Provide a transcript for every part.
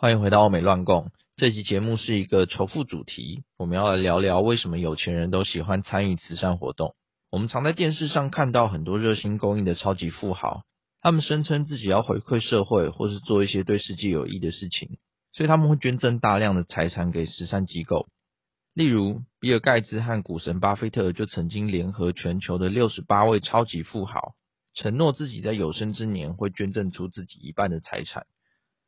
歡迎回到《歐美亂共》。這集節目是一個仇富主題，我們要來聊聊為什麼有錢人都喜歡參與慈善活動。我們常在電視上看到很多熱心公益的超級富豪，他們聲稱自己要回饋社會，或是做一些對世界有益的事情，所以他們會捐贈大量的財產給慈善機構。例如，比爾蓋茨和股神巴菲特就曾經聯合全球的六十八位超級富豪，承諾自己在有生之年會捐贈出自己一半的財產。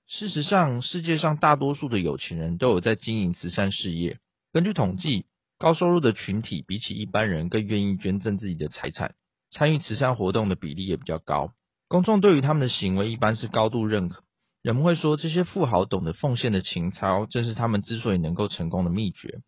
事實上，世界上大多數的有錢人都有在經營慈善事業。根據統計，高收入的群體比起一般人更願意捐贈自己的財產，參與慈善活動的比例也比較高。公眾對於他們的行為一般是高度認可。人們會說，這些富豪懂得奉獻的情操，正是他們之所以能夠成功的秘訣。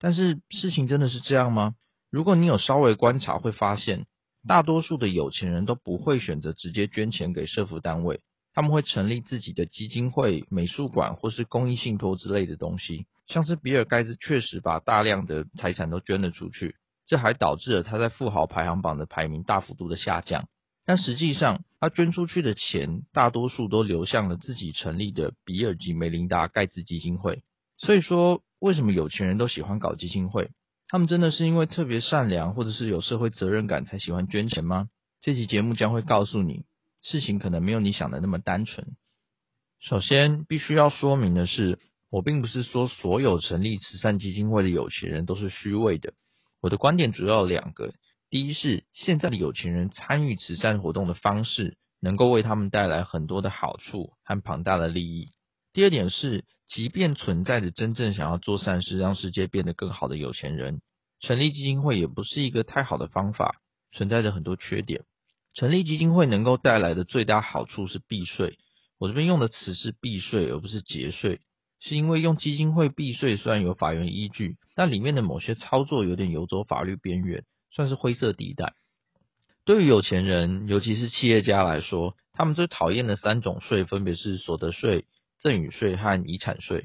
但是，事情真的是這樣嗎？如果你有稍微觀察，會發現大多數的有錢人都不會選擇直接捐錢給社福單位。他們會成立自己的基金會、美術館或是公益信託之類的東西。像是比爾蓋茨確實把大量的財產都捐了出去，這還導致了他在富豪排行榜的排名大幅度的下降。但實際上，他捐出去的錢大多數都流向了自己成立的比爾及梅琳達蓋茨基金會。所以說，為什麼有錢人都喜歡搞基金會？他們真的是因為特別善良，或者是有社會責任感才喜歡捐錢嗎？這期節目將會告訴你。事情可能沒有你想的那麼單純。首先，必須要說明的是，我並不是說所有成立慈善基金會的有錢人都是虛偽的。我的觀點主要有兩個：第一是現在的有錢人參與慈善活動的方式，能夠為他們帶來很多的好處和龐大的利益；第二點是，即便存在着真正想要做善事、讓世界變得更好的有錢人，成立基金會也不是一個太好的方法，存在着很多缺點。成立基金會能夠帶來的最大好處是避稅。我這邊用的詞是避稅，而不是節稅，是因為用基金會避稅雖然有法源依據，但裡面的某些操作有點遊走法律邊緣，算是灰色地帶。對於有錢人，尤其是企業家來說，他們最討厭的三種稅分別是所得稅、贈與稅和遺產稅。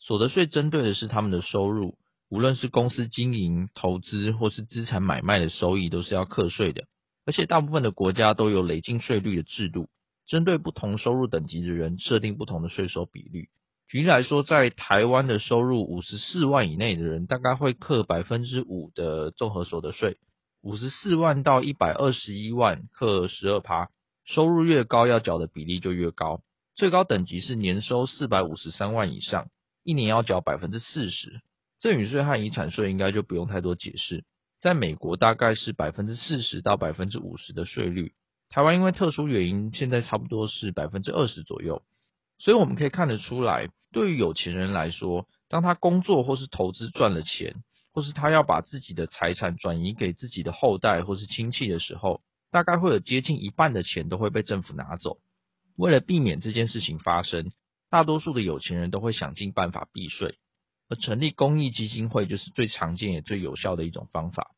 所得稅針對的是他們的收入，無論是公司經營、投資或是資產買賣的收益，都是要課稅的。而且大部分的國家都有累進稅率的制度，針對不同收入等級的人設定不同的稅收比率。舉例來說，在台灣的收入五十四萬以內的人，大概會課百分之五的綜合所得稅；五十四萬到一百二十一萬課十二趴，收入越高要繳的比例就越高。最高等級是年收四百五十三萬以上，一年要繳百分之四十。贈與稅和遺產稅應該就不用太多解釋。在美國大概是百分之四十到百分之五十的稅率，台灣因為特殊原因，現在差不多是百分之二十左右。所以我們可以看得出來，對於有錢人來說，當他工作或是投資賺了錢，或是他要把自己的財產轉移給自己的後代或是親戚的時候，大概會有接近一半的錢都會被政府拿走。為了避免這件事情發生，大多數的有錢人都會想盡辦法避稅。而成立公益基金會就是最常見也最有效的一種方法。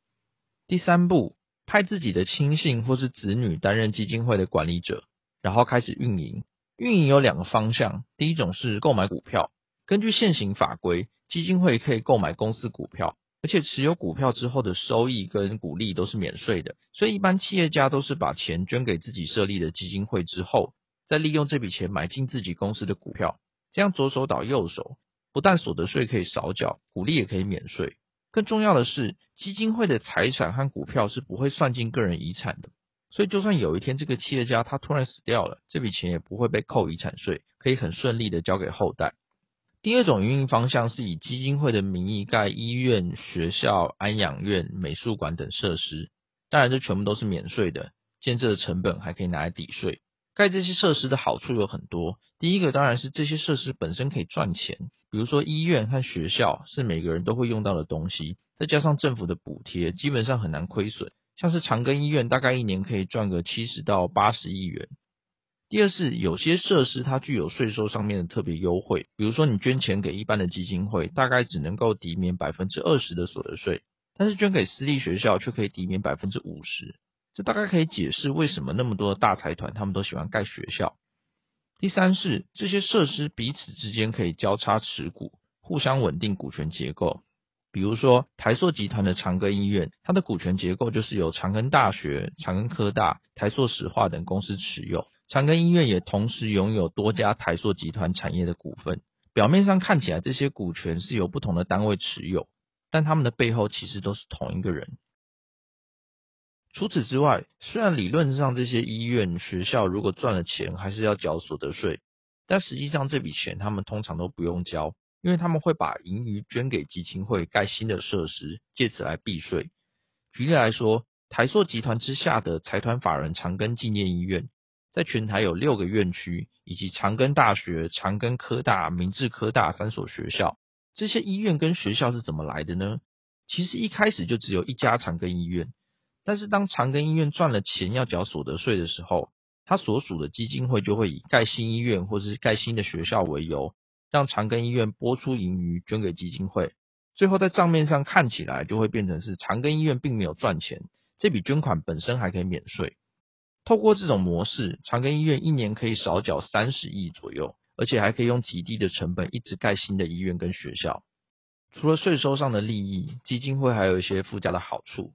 第三步，派自己的親信或是子女擔任基金會的管理者，然後開始運營。運營有兩個方向，第一種是購買股票。根據現行法規，基金會可以購買公司股票，而且持有股票之後的收益跟股利都是免稅的。所以，一般企業家都是把錢捐給自己設立的基金會之後，再利用這筆錢買進自己公司的股票，這樣左手倒右手。不但所得稅可以少繳，股利也可以免稅。更重要的是，基金會的財產和股票是不會算進個人遺產的。所以，就算有一天這個企業家他突然死掉了，這筆錢也不會被扣遺產稅，可以很順利的交給後代。第二種營運方向是以基金會的名義蓋醫院、學校、安養院、美術館等設施，當然這全部都是免稅的，建設的成本還可以拿來抵稅。蓋這些設施的好處有很多，第一個當然是這些設施本身可以賺錢，比如說醫院和學校是每個人都會用到的東西，再加上政府的補貼，基本上很難虧損。像是長庚醫院大概一年可以賺個七十到八十億元。第二是有些設施它具有稅收上面的特別優惠，比如說你捐錢給一般的基金會，大概只能夠抵免百分之二十的所得稅，但是捐給私立學校卻可以抵免百分之五十。這大概可以解釋為什麼那麼多的大財團他們都喜歡蓋學校。第三是這些設施彼此之間可以交叉持股，互相穩定股權結構。比如說台塑集團的長庚醫院，它的股權結構就是由長庚大學、長庚科大、台塑石化等公司持有。長庚醫院也同時擁有多家台塑集團產業的股份。表面上看起來這些股權是由不同的單位持有，但他們的背後其實都是同一個人。除此之外，雖然理論上這些醫院、學校如果賺了錢，還是要繳所得稅，但實際上這筆錢他們通常都不用交，因為他們會把盈餘捐給基金會、蓋新的設施，借此來避稅。舉例來說，台塑集團之下的財團法人長庚紀念醫院，在全台有六個院區，以及長庚大學、長庚科大、明志科大三所學校。這些醫院跟學校是怎麼來的呢？其實一開始就只有一家長庚醫院。但是，當長庚醫院賺了錢要繳所得稅的時候，他所屬的基金會就會以蓋新醫院或是蓋新的學校為由，讓長庚醫院撥出盈餘捐給基金會。最後，在賬面上看起來就會變成是長庚醫院並沒有賺錢，這筆捐款本身還可以免稅。透過這種模式，長庚醫院一年可以少繳三十億左右，而且還可以用極低的成本一直蓋新的醫院跟學校。除了稅收上的利益，基金會還有一些附加的好處。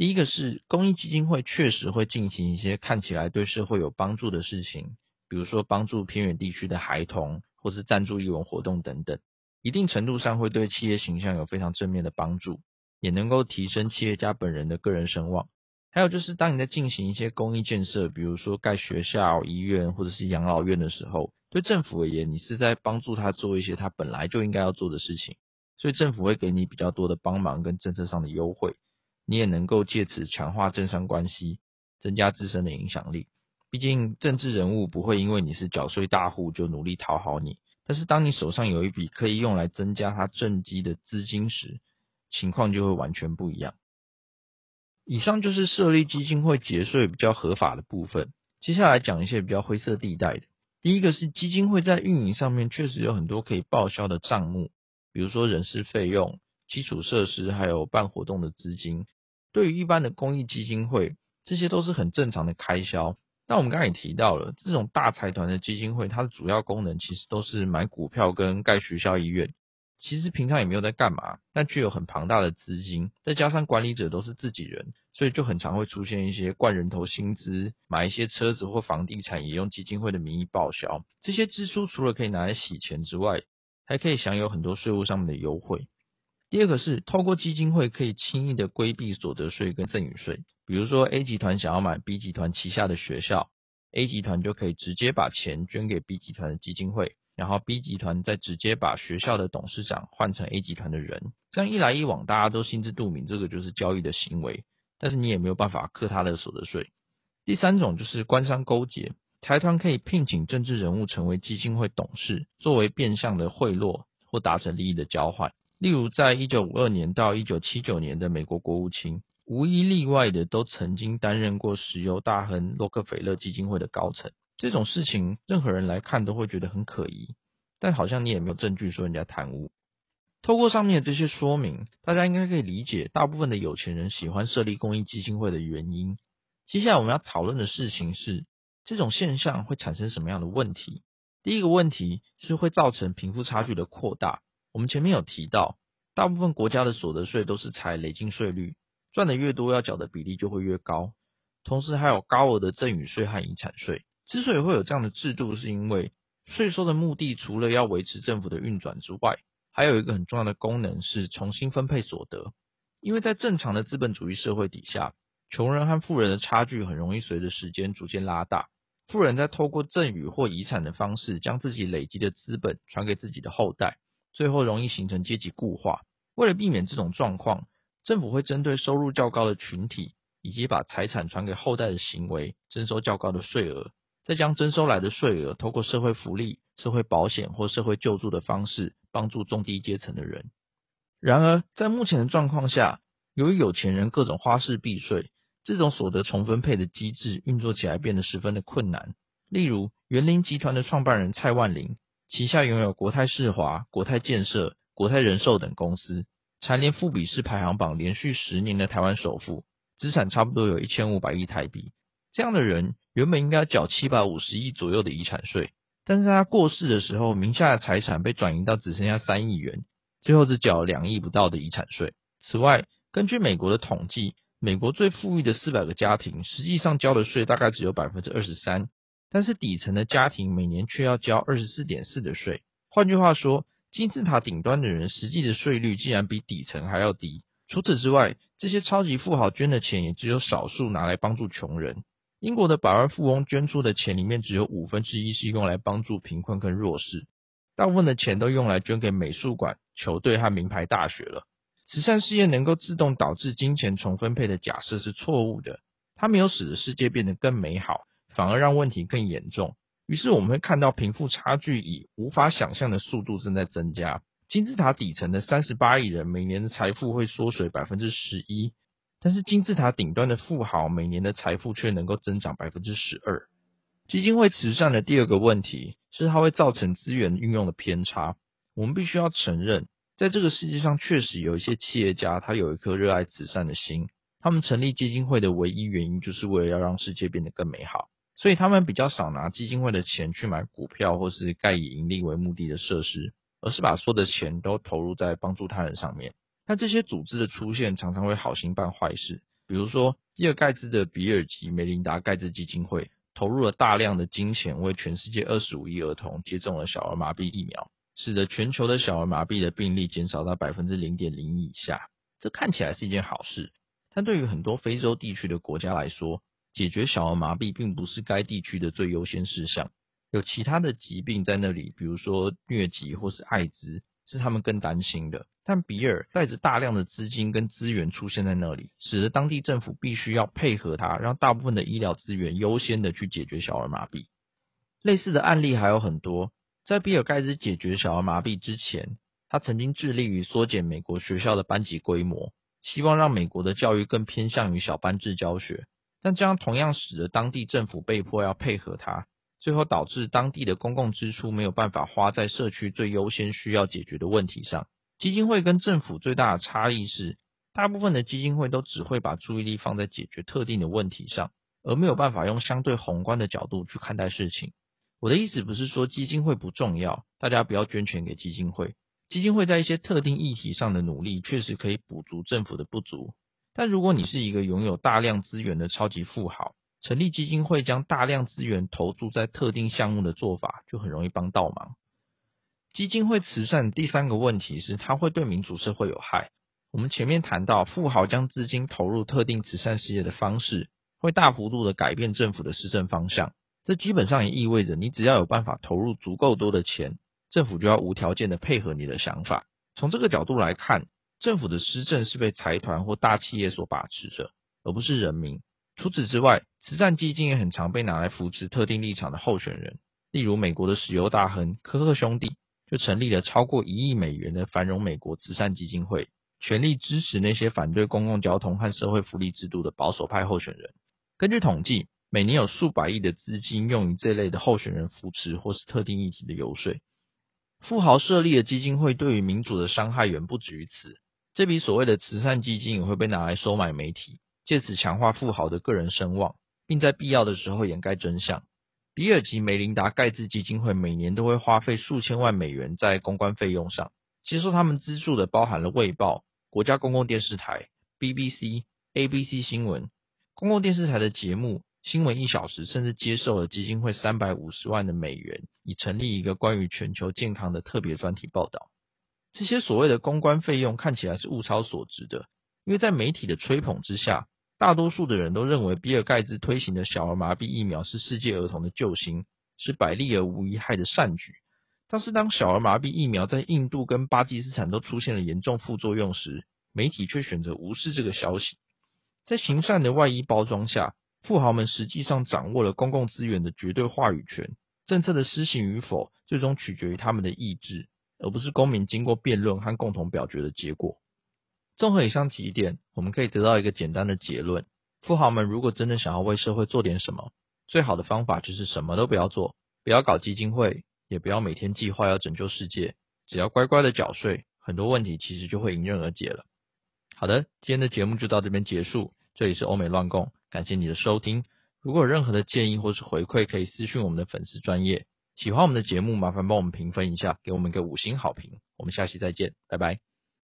第一個是公益基金會確實會進行一些看起來對社會有幫助的事情，比如說幫助偏遠地區的孩童，或是贊助藝文活動等等，一定程度上會對企業形象有非常正面的幫助，也能夠提升企業家本人的個人聲望。還有就是當你在進行一些公益建設，比如說蓋學校、醫院或者是養老院的時候，對政府而言，你是在幫助他做一些他本來就應該要做的事情，所以政府會給你比較多的幫忙跟政策上的優惠。你也能夠借此強化政商關係，增加自身的影響力。畢竟政治人物不會因為你是繳稅大戶就努力討好你。但是當你手上有一筆可以用來增加他政績的資金時，情況就會完全不一樣。以上就是設立基金會節稅比較合法的部分。接下來講一些比較灰色地帶的。第一個是基金會在運營上面確實有很多可以報銷的賬目，比如說人事費用、基礎設施，還有辦活動的資金。對於一般的公益基金會，這些都是很正常的開銷。但我們剛才也提到了，這種大財團的基金會，它的主要功能其實都是買股票跟蓋學校醫院，其實平常也沒有在幹嘛，但卻有很龐大的資金，再加上管理者都是自己人，所以就很常會出現一些灌人頭薪資、買一些車子或房地產，也用基金會的名義報銷。這些支出除了可以拿來洗錢之外，還可以享有很多稅務上面的優惠。第二個是透過基金會可以輕易的規避所得稅跟贈與稅，比如說 A 集團想要買 B 集團旗下的學校，A 集團就可以直接把錢捐給 B 集團的基金會，然後 B 集團再直接把學校的董事長換成 A 集團的人，這樣一來一往大家都心知肚明，這個就是交易的行為，但是你也沒有辦法課他的所得稅。第三種就是官商勾結，財團可以聘請政治人物成為基金會董事，作為變相的賄賂或達成利益的交換。例如，在一九五二年到一九七九年的美國國務卿，無一例外的都曾經擔任過石油大亨洛克菲勒基金會的高層。這種事情，任何人來看都會覺得很可疑，但好像你也沒有證據說人家貪污。透過上面的這些說明，大家應該可以理解大部分的有錢人喜歡設立公益基金會的原因。接下來我們要討論的事情是，這種現象會產生什麼樣的問題？第一個問題是會造成貧富差距的擴大。我們前面有提到，大部分國家的所得稅都是採累進稅率，賺得越多，要繳的比例就會越高。同時還有高額的贈與稅和遺產稅。之所以會有這樣的制度，是因為稅收的目的除了要維持政府的運轉之外，還有一個很重要的功能是重新分配所得。因為在正常的資本主義社會底下，窮人和富人的差距很容易隨着時間逐漸拉大。富人在透過贈與或遺產的方式，將自己累積的資本傳給自己的後代。最後容易形成階級固化。為了避免這種狀況，政府會針對收入較高的群體，以及把財產傳給後代的行為，徵收較高的稅額，再將徵收來的稅額，透過社會福利、社會保險或社會救助的方式，幫助中低階層的人。然而，在目前的狀況下，由於有錢人各種花式避稅，這種所得重分配的機制運作起來變得十分的困難。例如，園林集團的創辦人蔡萬霖。旗下擁有國泰世華、國泰建設、國泰人壽等公司，蟬聯富比士排行榜連續十年的台灣首富，資產差不多有一千五百億台幣。這樣的人原本應該繳七百五十億左右的遺產稅，但是他過世的時候，名下的財產被轉移到只剩下三億元，最後只繳兩億不到的遺產稅。此外，根據美國的統計，美國最富裕的四百個家庭，實際上交的稅大概只有百分之二十三。但是底層的家庭每年卻要交二十四點四的稅。換句話說，金字塔頂端的人實際的稅率竟然比底層還要低。除此之外，這些超級富豪捐的錢也只有少數拿來幫助窮人。英國的百萬富翁捐出的錢裡面只有五分之一是用來幫助貧困跟弱勢，大部分的錢都用來捐給美術館、球隊和名牌大學了。慈善事業能夠自動導致金錢重分配的假設是錯誤的，它沒有使得世界變得更美好。反而讓問題更嚴重。於是我們會看到貧富差距以無法想象的速度正在增加。金字塔底層的三十八億人每年的財富會縮水百分之十一，但是金字塔頂端的富豪每年的財富卻能夠增長百分之十二。基金會慈善的第二個問題，是它會造成資源運用的偏差。我們必須要承認，在這個世界上確實有一些企業家他有一顆熱愛慈善的心，他們成立基金會的唯一原因就是為了要讓世界變得更美好。所以他們比較少拿基金會的錢去買股票或是蓋以盈利為目的的設施，而是把所有的錢都投入在幫助他人上面。那這些組織的出現常常會好心辦壞事，比如說比爾蓋茨的比爾及梅琳達蓋茨基金會，投入了大量的金錢，為全世界二十五億兒童接種了小兒麻痹疫苗，使得全球的小兒麻痹的病例減少到百分之零點零以下。這看起來是一件好事，但對於很多非洲地區的國家來說，解決小兒麻痹並不是該地區的最優先事項，有其他的疾病在那裡，比如說瘧疾或是艾滋，是他們更擔心的。但比爾帶着大量的資金跟資源出現在那裡，使得當地政府必須要配合他，讓大部分的醫療資源優先的去解決小兒麻痹。類似的案例還有很多。在比爾蓋茨解決小兒麻痹之前，他曾經致力於縮減美國學校的班級規模，希望讓美國的教育更偏向於小班制教學。但這樣同樣使得當地政府被迫要配合它，最後導致當地的公共支出沒有辦法花在社區最優先需要解決的問題上。基金會跟政府最大的差異是，大部分的基金會都只會把注意力放在解決特定的問題上，而沒有辦法用相對宏觀的角度去看待事情。我的意思不是說基金會不重要，大家不要捐錢給基金會。基金會在一些特定議題上的努力，確實可以補足政府的不足。但如果你是一個擁有大量資源的超級富豪，成立基金會將大量資源投注在特定項目的做法，就很容易幫倒忙。基金會慈善第三個問題是，它會對民主社會有害。我們前面談到，富豪將資金投入特定慈善事業的方式，會大幅度的改變政府的施政方向。這基本上也意味着，你只要有辦法投入足夠多的錢，政府就要無條件的配合你的想法。從這個角度來看，政府的施政是被財團或大企業所把持着，而不是人民。除此之外，慈善基金也很常被拿來扶持特定立場的候選人。例如，美國的石油大亨科克兄弟就成立了超過一億美元的繁榮美國慈善基金會，全力支持那些反對公共交通和社會福利制度的保守派候選人。根據統計，每年有數百億的資金用於這類的候選人扶持或是特定議題的游說。富豪設立的基金會對於民主的傷害遠不止於此。這筆所謂的慈善基金也會被拿來收買媒體，借此強化富豪的個人聲望，並在必要的時候掩蓋真相。比爾及梅琳達·蓋茨基金會每年都會花費數千萬美元在公關費用上，接受他們資助的包含了《衛報》、國家公共電視台、BBC、ABC 新聞、公共電視台的節目《新聞一小時》，甚至接受了基金會三百五十萬的美元，以成立一個關於全球健康的特別專題報道。這些所謂的公關費用看起來是物超所值的，因為在媒體的吹捧之下，大多數的人都認為比爾蓋茨推行的小兒麻痹疫苗是世界兒童的救星，是百利而無一害的善舉。但是當小兒麻痹疫苗在印度跟巴基斯坦都出現了嚴重副作用時，媒體卻選擇無視這個消息。在行善的外衣包裝下，富豪們實際上掌握了公共資源的絕對話語權，政策的施行與否最終取決於他們的意志。而不是公民經過辯論和共同表決的結果。綜合以上幾點，我們可以得到一個簡單的結論：富豪們如果真的想要為社會做點什麼，最好的方法就是什麼都不要做，不要搞基金會，也不要每天計劃要拯救世界，只要乖乖的繳稅，很多問題其實就會迎刃而解了。好的，今天的節目就到這邊結束，這裡是歐美亂共，感謝你的收聽。如果有任何的建議或是回饋，可以私訊我們的粉絲專業。喜歡我們的節目，麻煩幫我們評分一下，給我們一個五星好評。我們下期再見，拜拜。